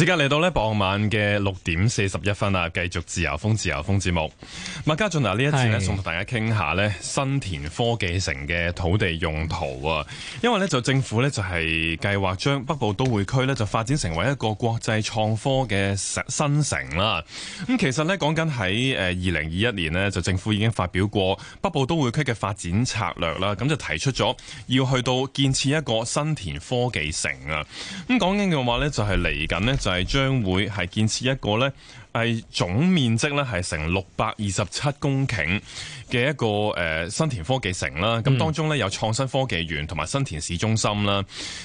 時間嚟到呢傍晚嘅六點四十一分啦，繼續自由風自由風節目。麥家俊啊，呢一次呢想同大家傾下呢新田科技城嘅土地用途啊，因為呢就政府呢就係計劃將北部都會區呢就發展成為一個國際創科嘅新城啦。咁其實呢講緊喺誒二零二一年呢就政府已經發表過北部都會區嘅發展策略啦，咁就提出咗要去到建設一個新田科技城啊。咁講緊嘅話呢，就係嚟緊呢就。係將會係建設一個咧係總面積咧，係成六百二十七公頃嘅一個誒新田科技城啦。咁、嗯、當中咧有創新科技園同埋新田市中心啦。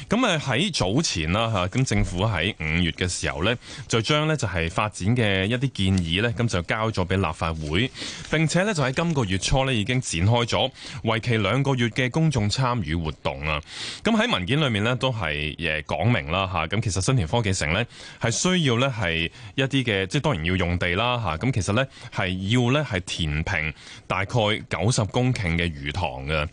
咁誒喺早前啦吓，咁政府喺五月嘅時候咧，就將咧就係發展嘅一啲建議咧，咁就交咗俾立法會，並且咧就喺今個月初咧已經展開咗，為期兩個月嘅公眾參與活動啊。咁喺文件裏面咧都係誒講明啦吓，咁其實新田科技城咧係需要咧係一啲嘅即係當然。要用地啦，吓咁其實呢係要呢係填平大概九十公頃嘅魚塘嘅，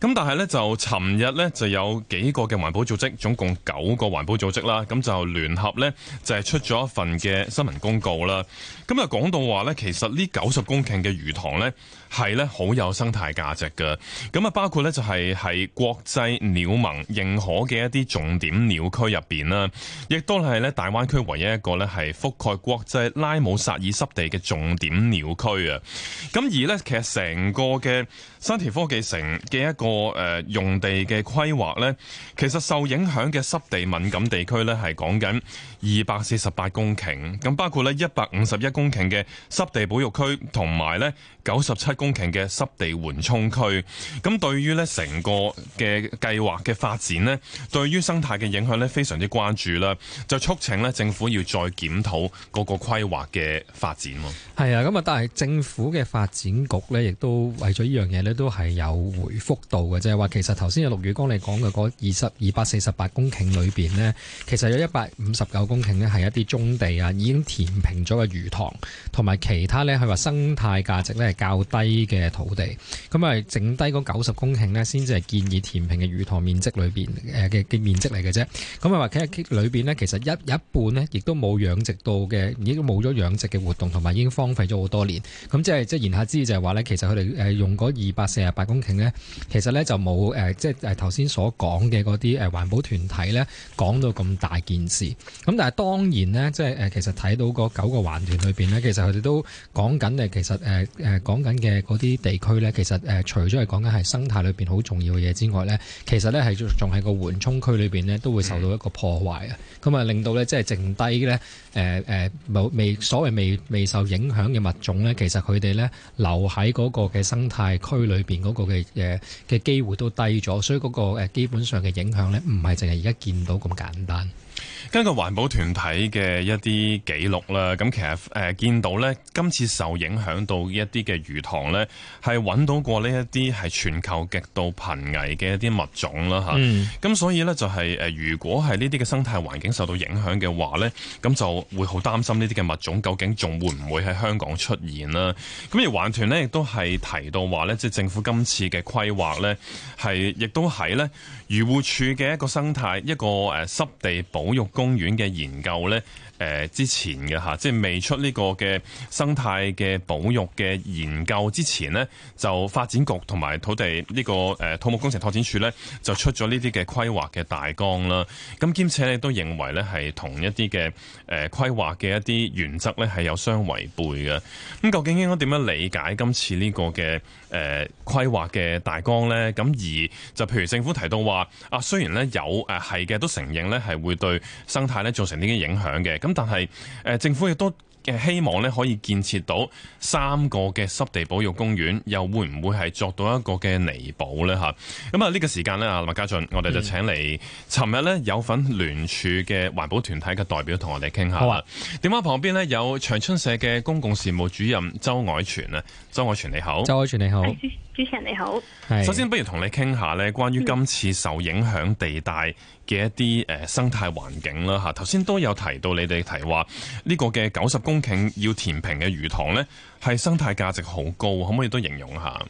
咁但係呢就尋日呢就有幾個嘅環保組織，總共九個環保組織啦，咁就聯合呢就係出咗一份嘅新聞公告啦，咁啊講到話呢，其實呢九十公頃嘅魚塘呢。係咧好有生態價值嘅，咁啊包括咧就係喺國際鳥盟認可嘅一啲重點鳥區入邊啦，亦都係咧大灣區唯一一個咧係覆蓋國際拉姆薩爾濕地嘅重點鳥區啊！咁而呢，其實成個嘅新田科技城嘅一個誒用地嘅規劃呢，其實受影響嘅濕地敏感地區呢，係講緊二百四十八公頃，咁包括呢一百五十一公頃嘅濕地保育區，同埋呢九十七公頃嘅濕地緩衝區，咁對於呢成個嘅計劃嘅發展呢，對於生態嘅影響呢，非常之關注啦。就促請呢政府要再檢討嗰個規劃嘅發展。係啊，咁啊，但係政府嘅發展局呢，亦都為咗呢樣嘢呢，都係有回覆到嘅，即係話其實頭先有陸宇剛你講嘅嗰二十二百四十八公頃裏面呢，其實有一百五十九公頃呢，係一啲棕地啊，已經填平咗嘅魚塘，同埋其他呢，佢話生態價值呢，係較低。嘅土地，咁啊剩低嗰九十公頃咧，先至係建議填平嘅魚塘面積裏邊誒嘅嘅面積嚟嘅啫。咁啊話其實裏邊咧，其實一一半咧，亦都冇養殖到嘅，已經冇咗養殖嘅活動同埋已經荒廢咗好多年。咁即係即係言下之意就係話咧，其實佢哋誒用嗰二百四十八公頃咧，其實咧就冇誒即係誒頭先所講嘅嗰啲誒環保團體咧講到咁大件事。咁但係當然咧，即係誒其實睇到嗰九個環團裏邊咧，其實佢哋都講緊誒，其實誒誒講緊嘅。嗰啲地區呢，其實誒、呃、除咗係講緊係生態裏邊好重要嘅嘢之外呢，其實呢，係仲係個緩衝區裏邊呢，都會受到一個破壞啊！咁啊、嗯，令到呢，即係剩低呢，誒、呃、誒，冇、呃、未所謂未未受影響嘅物種呢，其實佢哋呢，留喺嗰個嘅生態區裏邊嗰個嘅誒、嘅機會都低咗，所以嗰個誒基本上嘅影響呢，唔係淨係而家見到咁簡單。根據環保團體嘅一啲記錄啦，咁其實誒、呃、見到咧，今次受影響到一啲嘅魚塘咧，係揾到過呢一啲係全球極度瀕危嘅一啲物種啦嚇。咁、嗯啊、所以咧就係、是、誒、呃，如果係呢啲嘅生態環境受到影響嘅話咧，咁就會好擔心呢啲嘅物種究竟仲會唔會喺香港出現啦。咁而環團咧亦都係提到話咧，即係政府今次嘅規劃咧，係亦都喺咧漁護署嘅一個生態一個誒、呃、濕地保育公園嘅研究咧。誒之前嘅吓，即係未出呢個嘅生態嘅保育嘅研究之前咧，就發展局同埋土地呢、這個誒土木工程拓展署咧，就出咗呢啲嘅規劃嘅大綱啦。咁兼且咧都認為咧係同一啲嘅誒規劃嘅一啲原則咧係有相違背嘅。咁究竟應該點樣理解今次這個的、呃、的呢個嘅誒規劃嘅大綱咧？咁而就譬如政府提到話啊，雖然咧有誒係嘅，都承認咧係會對生態咧造成呢啲影響嘅。咁但係，誒，政府亦都嘅希望咧，可以建設到三個嘅濕地保育公園，又會唔會係作到一個嘅彌補咧？吓，咁啊，呢個時間咧，啊，麥家俊，我哋就請嚟，尋日咧有份聯署嘅環保團體嘅代表同我哋傾下。好啊。電話旁邊呢，有長春社嘅公共事務主任周藹銓啊，周藹銓你好。周藹銓你好。主持人你好。首是先，不如同你傾下咧，關於今次受影響地帶。嘅一啲誒生態環境啦，嚇，頭先都有提到你哋提話呢個嘅九十公頃要填平嘅魚塘呢，係生態價值好高，可唔可以都形容下？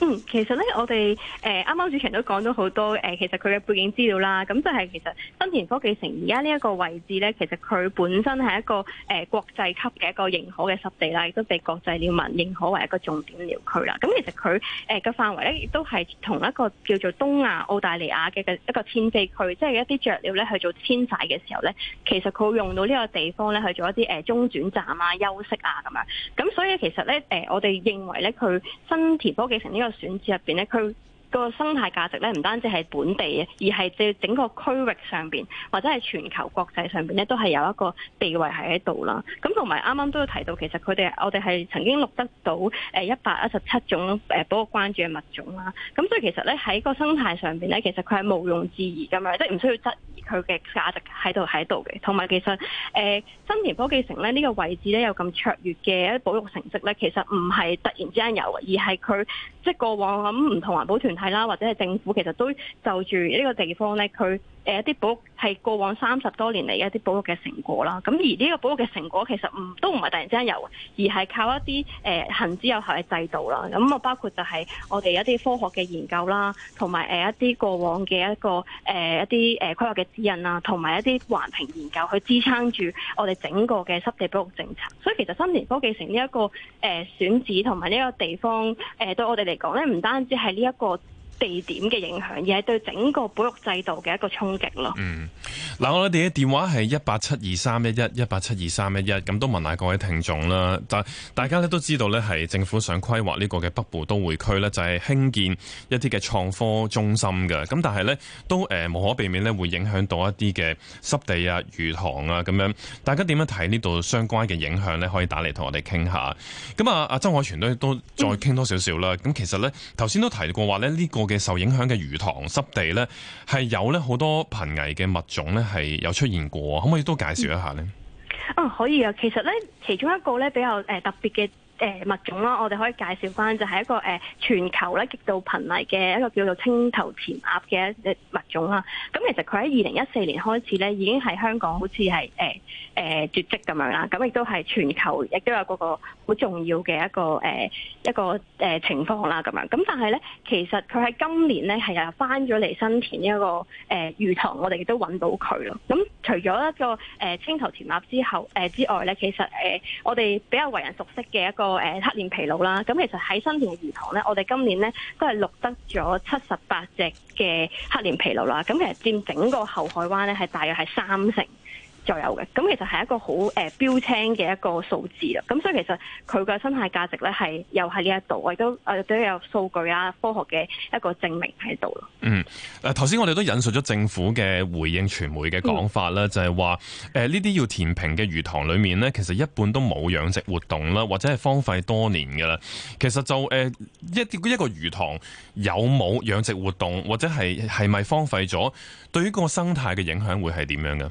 嗯，其實咧，我哋誒啱啱主席都講咗好多誒、呃，其實佢嘅背景資料啦，咁就係其實新田科技城而家呢一個位置咧，其實佢本身係一個誒、呃、國際級嘅一個認可嘅濕地啦，亦都被國際鳥盟認可為一個重點鳥區啦。咁其實佢誒嘅範圍咧，亦、呃、都係同一個叫做東亞澳大利亞嘅一個遷飛區，即係一啲雀鳥咧去做遷徙嘅時候咧，其實佢用到呢個地方咧去做一啲、呃、中轉站啊、休息啊咁樣。咁所以其實咧、呃，我哋認為咧，佢新田科技城呢、這個選擇入邊咧，佢個生態價值咧，唔單止係本地嘅，而係即整個區域上邊或者係全球國際上邊咧，都係有一個地位喺喺度啦。咁同埋啱啱都有剛剛提到，其實佢哋我哋係曾經錄得到誒一百一十七種誒，多個關注嘅物種啦。咁所以其實咧喺個生態上邊咧，其實佢係毋庸置疑噶嘛，即係唔需要質。佢嘅價值喺度喺度嘅，同埋其實誒、呃、新田科技城咧呢個位置咧有咁卓越嘅一啲保育成績咧，其實唔係突然之間有，而係佢即係過往咁唔同環保團體啦，或者係政府其實都就住呢個地方咧，佢誒、呃、一啲保育係過往三十多年嚟一啲保育嘅成果啦。咁而呢個保育嘅成果其實唔都唔係突然之間有，而係靠一啲誒行之有效嘅制度啦。咁啊包括就係我哋一啲科學嘅研究啦，同埋誒一啲過往嘅一個誒、呃、一啲誒規劃嘅。人啊，同埋一啲環評研究去支撐住我哋整個嘅濕地保護政策，所以其實新田科技城呢一個誒選址同埋呢個地方誒對我哋嚟講咧，唔單止係呢一個。地點嘅影響，而係對整個保育制度嘅一個衝擊咯。嗯，嗱，我哋嘅電話係一八七二三一一一八七二三一一，咁都問下各位聽眾啦。但大家咧都知道咧，係政府想規劃呢個嘅北部都會區咧，就係興建一啲嘅創科中心嘅。咁但係咧都誒、呃、無可避免咧，會影響到一啲嘅濕地啊、魚塘啊咁樣。大家點樣睇呢度相關嘅影響咧？可以打嚟同我哋傾下。咁啊，阿、啊、周藹銓都都再傾多少少啦。咁、嗯、其實咧，頭先都提過話咧，呢個。嘅受影響嘅魚塘濕地咧，係有咧好多瀕危嘅物種咧，係有出現過，可唔可以都介紹一下呢？啊、嗯，可以啊，其實咧，其中一個咧比較誒特別嘅。誒、呃、物種啦，我哋可以介紹翻就係、是、一個誒、呃、全球咧極度瀕危嘅一個叫做青頭潛鴨嘅一隻物種啦。咁、啊、其實佢喺二零一四年開始咧已經係香港好似係誒誒絕跡咁樣啦。咁、啊、亦都係全球亦都有嗰個好重要嘅一個誒、呃、一個誒、呃、情況啦。咁樣，咁但係咧其實佢喺今年咧係又翻咗嚟新田一，這個誒、呃、魚塘，我哋亦都揾到佢咯。啊除咗一個誒青頭潛鴨之後誒之外咧，其實誒我哋比較為人熟悉嘅一個誒黑臉琵鷺啦，咁其實喺新田魚塘咧，我哋今年咧都係錄得咗七十八隻嘅黑臉琵鷺啦，咁其實佔整個後海灣咧係大約係三成。嘅咁，其實係一個好誒標青嘅一個數字啊。咁所以其實佢嘅生態價值咧係又係呢一度，亦都都有數據啊，科學嘅一個證明喺度咯。嗯，誒，頭先我哋都引述咗政府嘅回應傳的，傳媒嘅講法啦，就係話誒呢啲要填平嘅魚塘裏面呢，其實一半都冇養殖活動啦，或者係荒廢多年噶啦。其實就誒一一個魚塘有冇養殖活動，或者係係咪荒廢咗，呃，對於個生態嘅影響會係點樣嘅？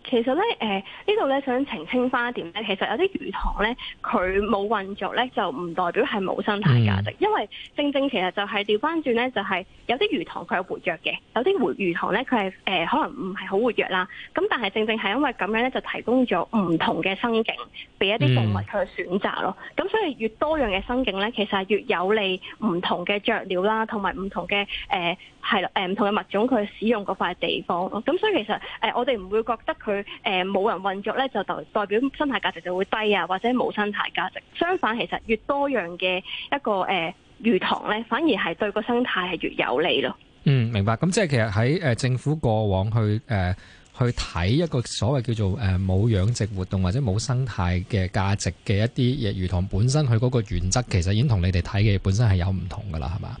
其實咧，誒呢度咧想澄清翻一點咧，其實有啲魚塘咧，佢冇運作咧，就唔代表係冇生態價值，嗯、因為正正其實就係調翻轉咧，就係有啲魚塘佢係活躍嘅，有啲活魚塘咧佢係誒可能唔係好活躍啦。咁但係正正係因為咁樣咧，就提供咗唔同嘅生境俾一啲動物佢選擇咯。咁、嗯、所以越多樣嘅生境咧，其實係越有利唔同嘅雀鳥啦，同埋唔、呃呃、同嘅係啦唔同嘅物種佢使用嗰塊地方咯。咁所以其實誒、呃、我哋唔會覺得佢。誒，冇人運作咧，就代代表生態價值就會低啊，或者冇生態價值。相反，其實越多樣嘅一個誒魚塘咧，反而係對個生態系越有利咯。嗯，明白。咁即係其實喺誒政府過往去誒、呃、去睇一個所謂叫做誒冇養殖活動或者冇生態嘅價值嘅一啲嘢魚塘本身，佢嗰個原則其實已經同你哋睇嘅本身係有唔同噶啦，係嘛？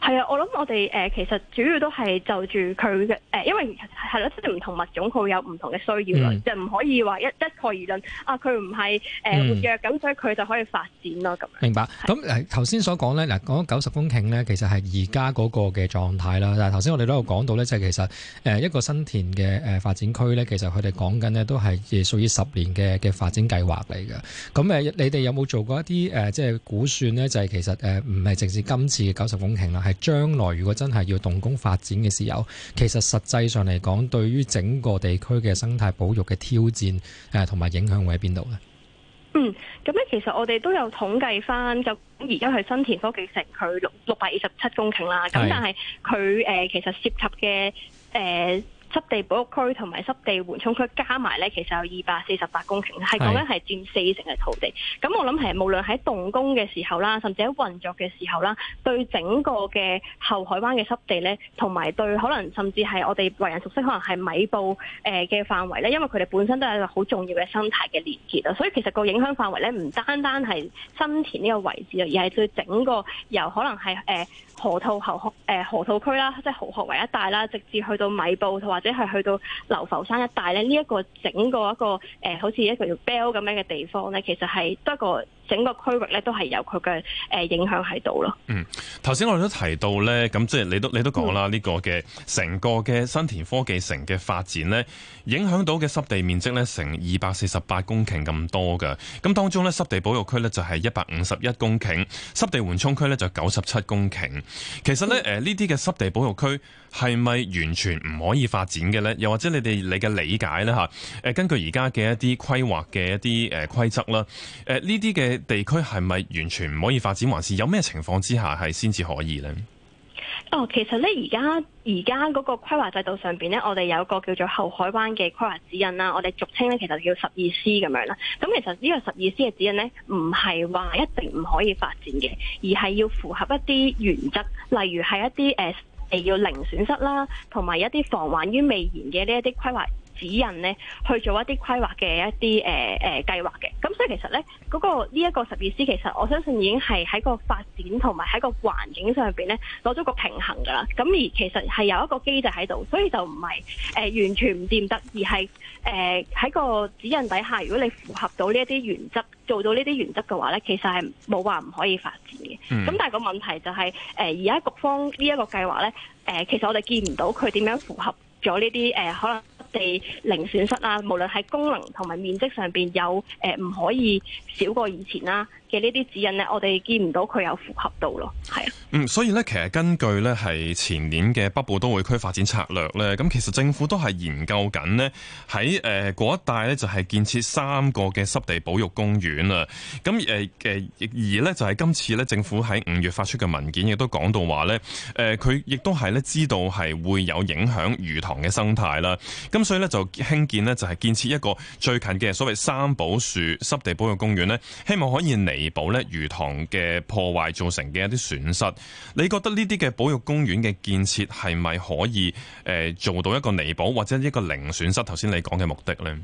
係啊，我諗我哋誒、呃、其實主要都係就住佢嘅，因為係啦，即係唔同物種佢有唔同嘅需要、嗯、啊，就唔可以話一一概而論啊。佢唔係活躍，咁所以佢就可以發展咯。咁明白。咁誒頭先所講咧嗱，講九十公頃咧，其實係而家嗰個嘅狀態啦。但係頭先我哋都有講到咧，就係其實誒一個新田嘅誒發展區咧，其實佢哋講緊呢都係誒屬於十年嘅嘅發展計劃嚟嘅。咁你哋有冇做過一啲誒、呃、即係估算咧？就係、是、其實誒唔係淨係今次嘅九十公頃啦。將來如果真係要動工發展嘅時候，其實實際上嚟講，對於整個地區嘅生態保育嘅挑戰，誒，同埋影響會喺邊度呢？嗯，咁咧，其實我哋都有統計翻，就而家去新田科技城，佢六六百二十七公頃啦。咁但係佢誒，其實涉及嘅誒。呃濕地保育區同埋濕地緩衝區加埋咧，其實有二百四十八公頃，係講緊係佔四成嘅土地。咁我諗係無論喺動工嘅時候啦，甚至喺運作嘅時候啦，對整個嘅後海灣嘅濕地咧，同埋對可能甚至係我哋為人熟悉，可能係米埔誒嘅、呃、範圍咧，因為佢哋本身都係一個好重要嘅生態嘅連結啊。所以其實個影響範圍咧，唔單單係新田呢個位置啊，而係對整個由可能係誒、呃、河套後、呃、河河套區啦，即係後河、河圍一帶啦，直至去到米埔同埋。或者係去到流浮山一帶咧，呢、這、一個整個一個誒，好似一個叫 bell 咁樣嘅地方咧，其實係得個。整個區域咧都係有佢嘅誒影響喺度咯。嗯，頭先我哋都提到咧，咁即係你都你都講啦，呢、嗯、個嘅成個嘅新田科技城嘅發展咧，影響到嘅濕地面積咧，成二百四十八公頃咁多㗎。咁當中咧，濕地保育區咧就係一百五十一公頃，濕地緩衝區咧就九十七公頃。其實咧，誒呢啲嘅濕地保育區係咪完全唔可以發展嘅咧？又或者你哋你嘅理解咧嚇？誒，根據而家嘅一啲規劃嘅一啲誒規則啦，誒呢啲嘅。地區係咪完全唔可以發展，還是有咩情況之下係先至可以呢？哦，其實呢，而家而家嗰個規劃制度上邊呢，我哋有個叫做後海灣嘅規劃指引啦，我哋俗稱呢，其實叫十二 C 咁樣啦。咁其實呢個十二 C 嘅指引呢，唔係話一定唔可以發展嘅，而係要符合一啲原則，例如係一啲誒誒要零損失啦，同埋一啲防患於未然嘅呢一啲規劃指引咧去做一啲規劃嘅一啲、呃呃、計劃嘅，咁所以其實咧嗰、嗰個呢一、呢個十二 C 其實我相信已經係喺個發展同埋喺個環境上面咧攞咗個平衡噶啦。咁而其實係有一個機制喺度，所以就唔係誒完全唔掂得，而係誒喺個指引底下，如果你符合到呢一啲原則，做到呢啲原則嘅話咧，其實係冇話唔可以發展嘅。咁、嗯、但係個問題就係誒而家局方呢一個計劃咧、呃，其實我哋見唔到佢點樣符合咗呢啲誒可能。地零損失啊！無論喺功能同埋面積上面有誒，唔、呃、可以少過以前啦、啊。嘅呢啲指引咧，我哋見唔到佢有符合到咯，係啊，嗯，所以咧，其實根據咧係前年嘅北部都會區發展策略咧，咁、嗯、其實政府都係研究緊咧喺誒嗰一帶咧，就係建設三個嘅濕地保育公園啊，咁誒誒而咧就係、是、今次咧，政府喺五月發出嘅文件說說，亦、呃、都講到話咧，誒佢亦都係咧知道係會有影響魚塘嘅生態啦。咁所以咧就興建咧就係建設一個最近嘅所謂三寶樹濕地保育公園咧，希望可以嚟。彌補咧魚塘嘅破壞造成嘅一啲損失，你覺得呢啲嘅保育公園嘅建設係咪可以誒、呃、做到一個彌補或者一個零損失？頭先你講嘅目的咧？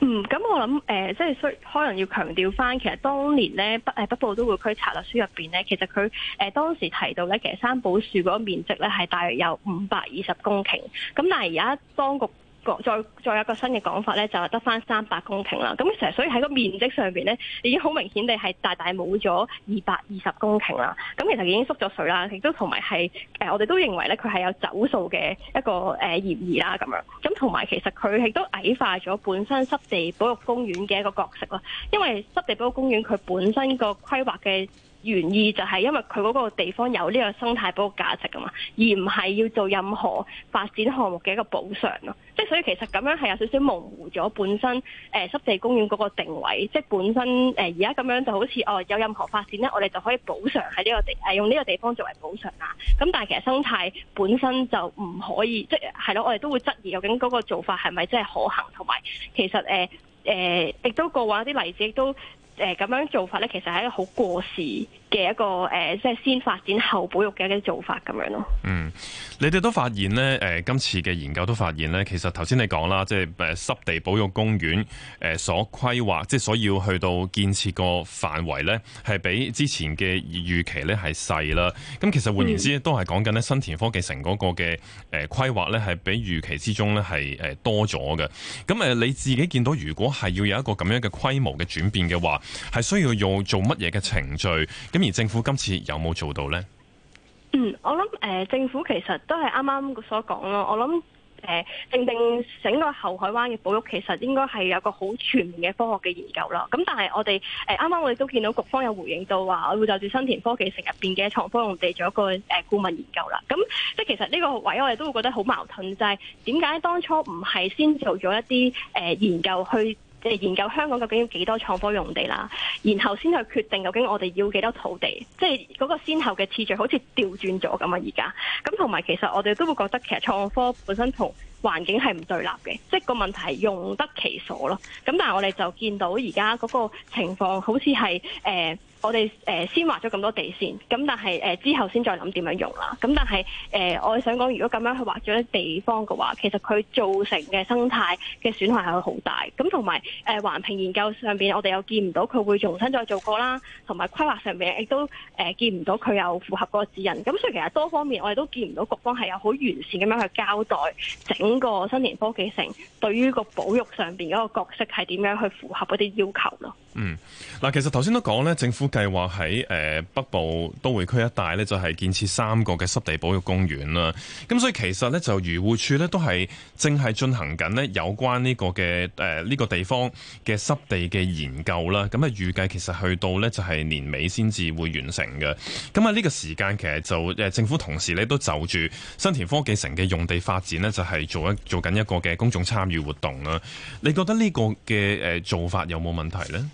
嗯，咁我諗誒、呃，即係需可能要強調翻，其實當年咧北誒北部都會區策略書入邊咧，其實佢誒、呃、當時提到咧，其實三寶樹嗰個面積咧係大約有五百二十公頃，咁但係而家當局。再再有一個新嘅講法咧，就係得翻三百公頃啦。咁其實所以喺個面積上邊咧，已經好明顯地係大大冇咗二百二十公頃啦。咁其實已經縮咗水啦，亦都同埋係誒，我哋都認為咧，佢係有走數嘅一個誒嫌疑啦咁樣。咁同埋其實佢亦都矮化咗本身濕地保育公園嘅一個角色啦，因為濕地保育公園佢本身個規劃嘅。原意就係因為佢嗰個地方有呢個生態保護價值㗎嘛，而唔係要做任何發展項目嘅一個補償咯。即係所以其實咁樣係有少少模糊咗本身誒、呃、濕地公園嗰個定位，即係本身誒而家咁樣就好似哦有任何發展咧，我哋就可以補償喺呢個地誒用呢個地方作為補償喇。咁但係其實生態本身就唔可以，即係係咯，我哋都會質疑究竟嗰個做法係咪真係可行，同埋其實誒誒亦都過往啲例子亦都。誒咁樣做法咧，其實係一個好過時嘅一個誒，即係先發展後保育嘅一啲做法咁樣咯。嗯，你哋都發現呢，誒，今次嘅研究都發現呢，其實頭先你講啦，即係誒濕地保育公園誒所規劃，即係所要去到建設個範圍呢，係比之前嘅預期呢係細啦。咁其實換言之，嗯、都係講緊呢新田科技城嗰個嘅誒規劃呢，係比預期之中呢係誒多咗嘅。咁誒你自己見到，如果係要有一個咁樣嘅規模嘅轉變嘅話，係需要用做乜嘢嘅程序？咁而政府今次有冇做到呢？嗯，我諗誒、呃，政府其實都係啱啱所講咯。我諗誒，正、呃、定整個后海灣嘅保育，其實應該係有個好全面嘅科學嘅研究啦。咁但係我哋誒，啱、呃、啱我哋都見到局方有回應到話，會就住新田科技城入邊嘅創科用地做一個誒顧問研究啦。咁即係其實呢個位我哋都會覺得好矛盾，就係點解當初唔係先做咗一啲誒、呃、研究去？即係研究香港究竟要幾多創科用地啦，然後先去決定究竟我哋要幾多土地，即係嗰個先後嘅次序好似調轉咗咁啊。而家咁，同埋其實我哋都會覺得其實創科本身同環境係唔對立嘅，即係個問題係用得其所咯。咁但係我哋就見到而家嗰個情況好似係誒我哋先劃咗咁多地線，咁但係誒、呃、之後先再諗點樣用啦。咁但係誒、呃，我想講如果咁樣去劃咗啲地方嘅話，其實佢造成嘅生態嘅損害係會好大。咁同埋誒環評研究上面，我哋又見唔到佢會重新再做過啦，同埋規劃上面亦都、呃、見唔到佢有符合嗰個指引。咁所以其實多方面我哋都見唔到局方係有好完善咁樣去交代整。整個新田科技城對於個保育上邊嗰個角色係點樣去符合嗰啲要求咯？嗯，嗱，其實頭先都講咧，政府計劃喺誒、呃、北部都會區一帶咧，就係、是、建設三個嘅濕地保育公園啦。咁所以其實咧，就漁護署咧都係正係進行緊咧有關呢個嘅誒呢個地方嘅濕地嘅研究啦。咁啊預計其實去到呢就係、是、年尾先至會完成嘅。咁啊呢個時間其實就誒、呃、政府同時咧都就住新田科技城嘅用地發展咧，就係、是、做一做緊一個嘅公眾參與活動啦。你覺得呢個嘅誒、呃、做法有冇問題呢？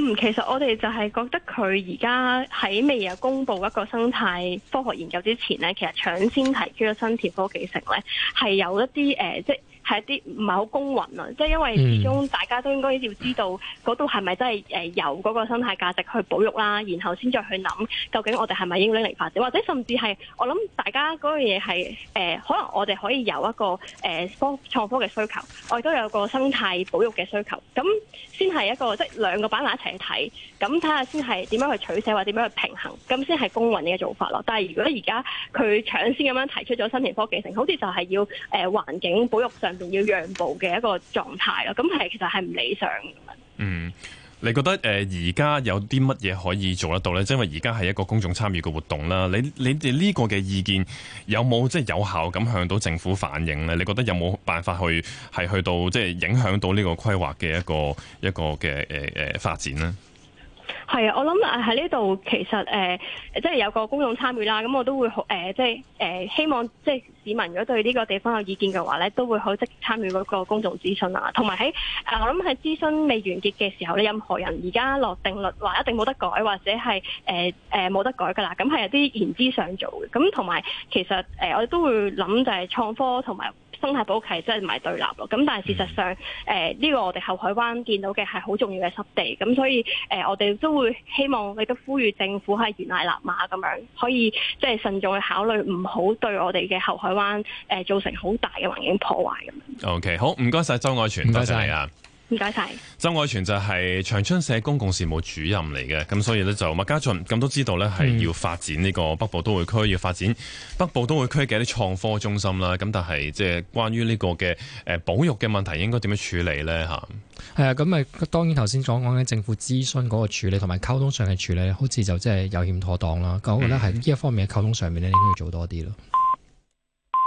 嗯，其實我哋就係覺得佢而家喺未有公布一個生態科學研究之前咧，其實搶先提出咗新田科技城咧，係有一啲誒、呃、即係一啲唔係好公允啊！即係因為始終大家都應該要知道嗰度係咪真係由嗰個生態價值去保育啦，然後先再去諗究竟我哋係咪應該嚟發展，或者甚至係我諗大家嗰樣嘢係誒，可能我哋可以有一個誒科、呃、創科嘅需求，我亦都有個生態保育嘅需求，咁先係一個即係兩個板塊一齊去睇，咁睇下先係點樣去取捨或者點樣去平衡，咁先係公允嘅做法咯。但係如果而家佢搶先咁樣提出咗新田科技城，好似就係要誒環、呃、境保育上。仲要讓步嘅一個狀態咯，咁係其實係唔理想嘅。嗯，你覺得誒而家有啲乜嘢可以做得到咧？因為而家係一個公眾參與嘅活動啦，你你哋呢個嘅意見有冇即係有效咁向到政府反映咧？你覺得有冇辦法去係去到即係、就是、影響到呢個規劃嘅一個一個嘅誒誒發展咧？係啊，我諗喺呢度其實誒、呃，即係有個公眾參與啦。咁我都會好、呃、即係誒、呃、希望即係市民如果對呢個地方有意見嘅話咧，都會好積極參與嗰個公眾諮詢啊。同埋喺我諗喺諮詢未完結嘅時候咧，任何人而家落定律話一定冇得改，或者係誒冇得改噶啦。咁係有啲言之尚早嘅。咁同埋其實、呃、我都會諗就係創科同埋。生態保級真係唔係對立咯，咁但係事實上，誒呢、嗯呃呢個我哋後海灣見到嘅係好重要嘅濕地，咁、呃、所以誒、呃、我哋都會希望，亦都呼籲政府係懸崖勒馬咁樣，可以即係慎重去考慮，唔好對我哋嘅後海灣誒、呃、造成好大嘅環境破壞咁樣。OK，好，唔該晒，周藹銓，唔該晒。唔該晒，周藹銓就係長春社公共事務主任嚟嘅，咁所以咧就麥家俊咁都知道咧，係要發展呢個北部都會區，要發展北部都會區嘅啲創科中心啦。咁但係即係關於呢個嘅誒保育嘅問題，應該點樣處理咧？吓，係啊，咁咪當然頭先講講緊，政府諮詢嗰個處理同埋溝通上嘅處理，好似就即係有欠妥當啦。咁、嗯、我覺得喺呢一方面嘅溝通上面咧，應該要做多啲咯。